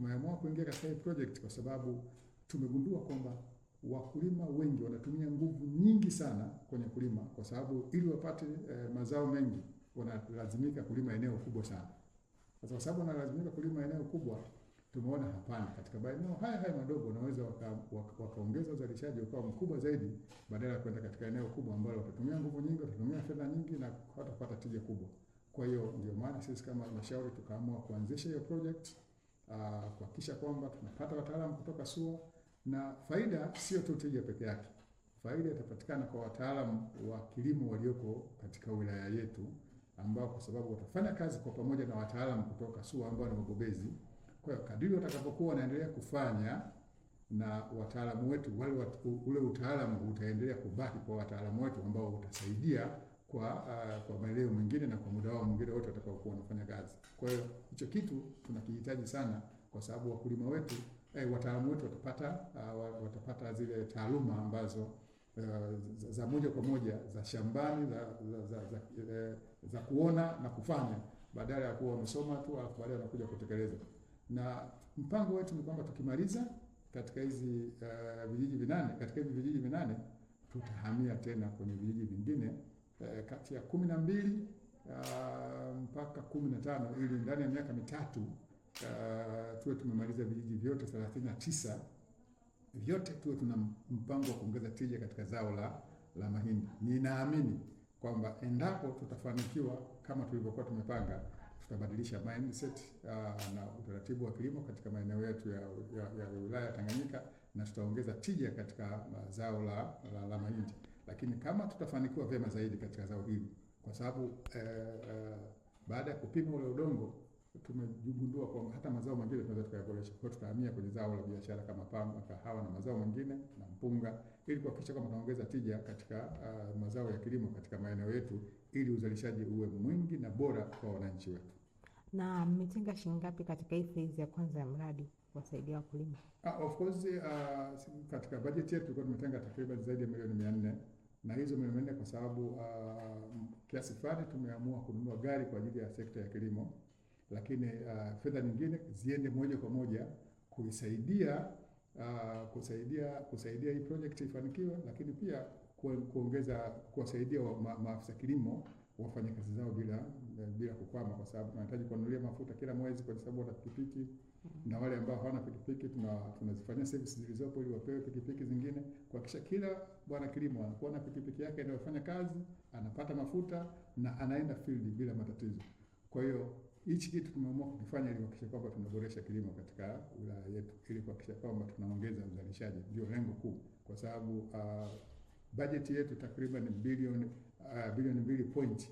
tumeamua kuingia katika hii project kwa sababu tumegundua kwamba wakulima wengi wanatumia nguvu nyingi sana kwenye kulima, kwa sababu ili wapate eh, mazao mengi wanalazimika kulima eneo kubwa sana. Sasa kwa sababu wanalazimika kulima eneo kubwa, tumeona hapana, katika maeneo haya haya madogo wanaweza wakaongeza waka uzalishaji ukawa mkubwa zaidi, badala ya kwenda katika eneo kubwa ambalo watatumia nguvu nyingi, watatumia fedha nyingi na hawatapata tija kubwa. Kwa hiyo ndio maana sisi kama halmashauri tukaamua kuanzisha hiyo project Uh, kuhakikisha kwamba tunapata wataalamu kutoka SUA na faida sio tu tija peke yake. Faida itapatikana kwa wataalamu wa kilimo walioko katika wilaya yetu, ambao kwa sababu watafanya kazi kwa pamoja na wataalamu kutoka SUA ambao ni wabobezi. Kwa hiyo kadiri watakapokuwa wanaendelea kufanya na wataalamu wetu wale, ule utaalamu utaendelea kubaki kwa wataalamu wetu ambao utasaidia kwa uh, kwa maeneo mengine na kwa muda wao mwingine wote watakaokuwa wanafanya kazi. Kwa hiyo hicho kitu tunakihitaji sana, kwa sababu wakulima wetu eh, wataalamu wetu watapata uh, watapata zile taaluma ambazo uh, ah, za, za moja kwa moja za shambani za za, za, za, za, eh, za kuona na kufanya badala ya kuwa wamesoma tu alafu baadaye wanakuja kutekeleza. Na mpango wetu ni kwamba tukimaliza katika hizi uh, vijiji vinane katika hivi vijiji vinane tutahamia tena kwenye vijiji vingine Eh, kati ya kumi na mbili uh, mpaka kumi na tano ili ndani ya miaka mitatu uh, tuwe tumemaliza vijiji vyote thelathini na tisa vyote tuwe tuna mpango wa kuongeza tija katika zao la, la mahindi. Ninaamini kwamba endapo tutafanikiwa kama tulivyokuwa tumepanga, tutabadilisha mindset uh, na utaratibu wa kilimo katika maeneo yetu ya, ya, ya wilaya Tanganyika na tutaongeza tija katika zao la, la, la mahindi lakini kama tutafanikiwa vyema zaidi katika zao hili, kwa sababu eh, eh baada ya kupima ule udongo tumejigundua kwamba hata mazao mengine tunaweza tukayaboresha. Kwa hiyo tutahamia kwenye zao la biashara kama pamba, kahawa na mazao mengine na mpunga, ili kuhakikisha kwamba tunaongeza tija katika uh, mazao ya kilimo katika maeneo yetu, ili uzalishaji uwe mwingi na bora kwa wananchi wetu. Na mmetenga shilingi ngapi katika hii phase ya kwanza ya mradi kuwasaidia wakulima? Ah, of course uh, katika bajeti yetu tulikuwa tumetenga takriban zaidi ya milioni mia nne na hizo imeenda kwa sababu uh, kiasi fulani tumeamua kununua gari kwa ajili ya sekta ya kilimo, lakini uh, fedha nyingine ziende moja kwa moja kuisaidia uh, kusaidia kusaidia hii project ifanikiwe, lakini pia kuongeza kuwasaidia ma, maafisa kilimo wafanye kazi zao bila bila kukwama, kwa sababu tunahitaji kuwanunulia mafuta kila mwezi kwa sababu wana pikipiki na wale ambao hawana pikipiki tunazifanyia service zilizopo ili wapewe pikipiki zingine, kuhakikisha kila bwana kilimo anakuwa na pikipiki yake inayofanya kazi, anapata mafuta na anaenda field bila matatizo. Kwa hiyo hichi kitu tumeamua kukifanya ili kuhakikisha kwamba tunaboresha kilimo katika wilaya yetu, ili kuhakikisha kwamba tunaongeza uzalishaji, ndio lengo kuu, kwa sababu uh, ah, bajeti yetu takriban bilioni uh, bilioni mbili point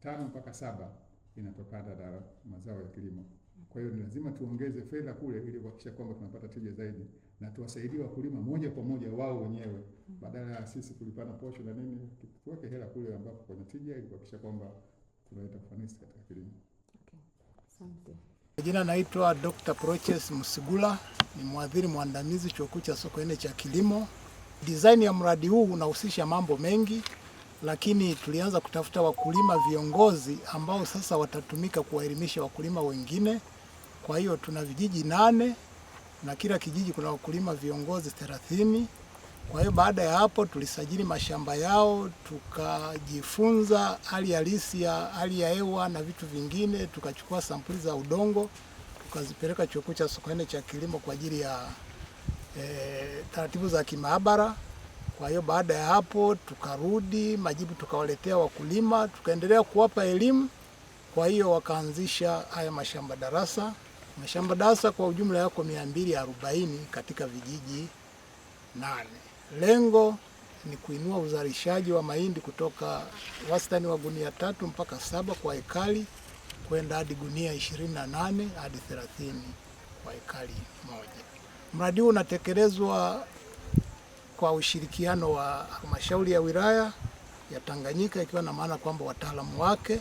tano mpaka saba inatokana na mazao ya kilimo. Kwa hiyo ni lazima tuongeze fedha kule ili kuhakikisha kwamba tunapata tija zaidi na tuwasaidie wakulima moja kwa moja wao wenyewe badala ya sisi kulipana posho na nini, tuweke hela kule ambapo kuna tija ili kuhakikisha kwamba tunaleta ufanisi katika kilimo. Okay. Jina naitwa Dr. Proches Msigula, ni mwadhiri mwandamizi Chuo Kikuu cha Sokoine cha Kilimo. Design ya mradi huu unahusisha mambo mengi lakini tulianza kutafuta wakulima viongozi ambao sasa watatumika kuwaelimisha wakulima wengine. Kwa hiyo tuna vijiji nane na kila kijiji kuna wakulima viongozi thelathini. Kwa hiyo baada ya hapo tulisajili mashamba yao, tukajifunza hali halisi ya hali ya hewa na vitu vingine, tukachukua sampuli za udongo tukazipeleka Chuo Kikuu cha Sokoine cha Kilimo kwa ajili ya e, taratibu za kimaabara. Kwa hiyo baada ya hapo tukarudi majibu, tukawaletea wakulima, tukaendelea kuwapa elimu. Kwa hiyo wakaanzisha haya mashamba darasa. Mashamba darasa kwa ujumla yako 240 katika vijiji nane. Lengo ni kuinua uzalishaji wa mahindi kutoka wastani wa gunia tatu mpaka saba kwa ekari kwenda hadi gunia 28 hadi 30 kwa ekari moja. Mradi huu unatekelezwa kwa ushirikiano wa halmashauri ya wilaya ya Tanganyika, ikiwa na maana kwamba wataalamu wake,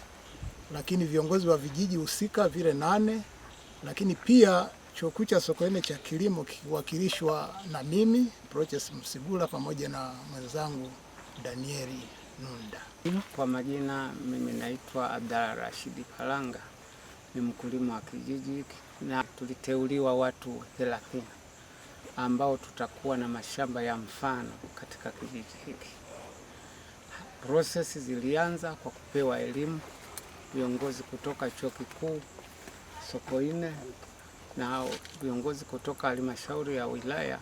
lakini viongozi wa vijiji husika vile nane, lakini pia chuo kikuu cha Sokoine cha kilimo kikiwakilishwa na mimi Proches Msigula pamoja na mwenzangu Danieli Nunda. Kwa majina mimi naitwa Abdalla Rashidi Kalanga, ni mkulima wa kijiji na tuliteuliwa watu 30 ambao tutakuwa na mashamba ya mfano katika kijiji hiki. Prosesi zilianza kwa kupewa elimu viongozi kutoka chuo kikuu Sokoine na viongozi kutoka halmashauri ya wilaya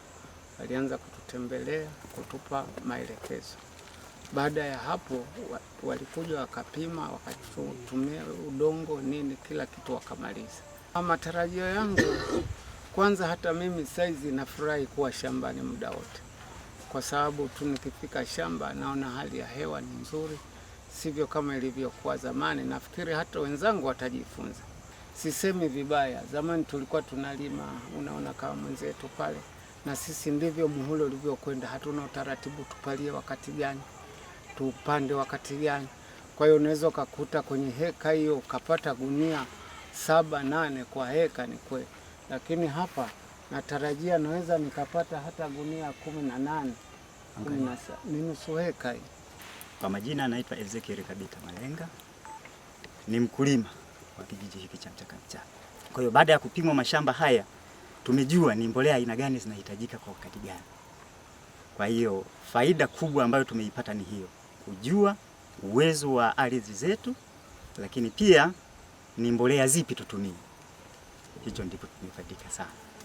walianza kututembelea kutupa maelekezo. Baada ya hapo, walikuja wakapima, wakatumia udongo nini, kila kitu wakamaliza. Matarajio yangu kwanza hata mimi saizi nafurahi kuwa shambani muda wote, kwa sababu tu nikifika shamba naona hali ya hewa ni nzuri, sivyo kama ilivyokuwa zamani. Nafikiri hata wenzangu watajifunza. Sisemi vibaya, zamani tulikuwa tunalima, unaona kama mwenzetu pale, na sisi ndivyo muhulo ulivyokwenda. Hatuna utaratibu tupalie wakati gani, tupande wakati gani. Kwa hiyo unaweza ukakuta kwenye heka hiyo ukapata gunia saba nane kwa heka, ni kweli lakini hapa natarajia naweza nikapata hata gunia kumi na nane ni nusu heka hii. Kwa majina anaitwa Ezekiel Kabita Malenga, ni mkulima wa kijiji hiki cha Mchakamcha. Kwa hiyo baada ya kupimwa mashamba haya tumejua ni mbolea aina gani zinahitajika kwa wakati gani. Kwa hiyo faida kubwa ambayo tumeipata ni hiyo, kujua uwezo wa ardhi zetu, lakini pia ni mbolea zipi tutumie hicho ndipo tumefaidika sana.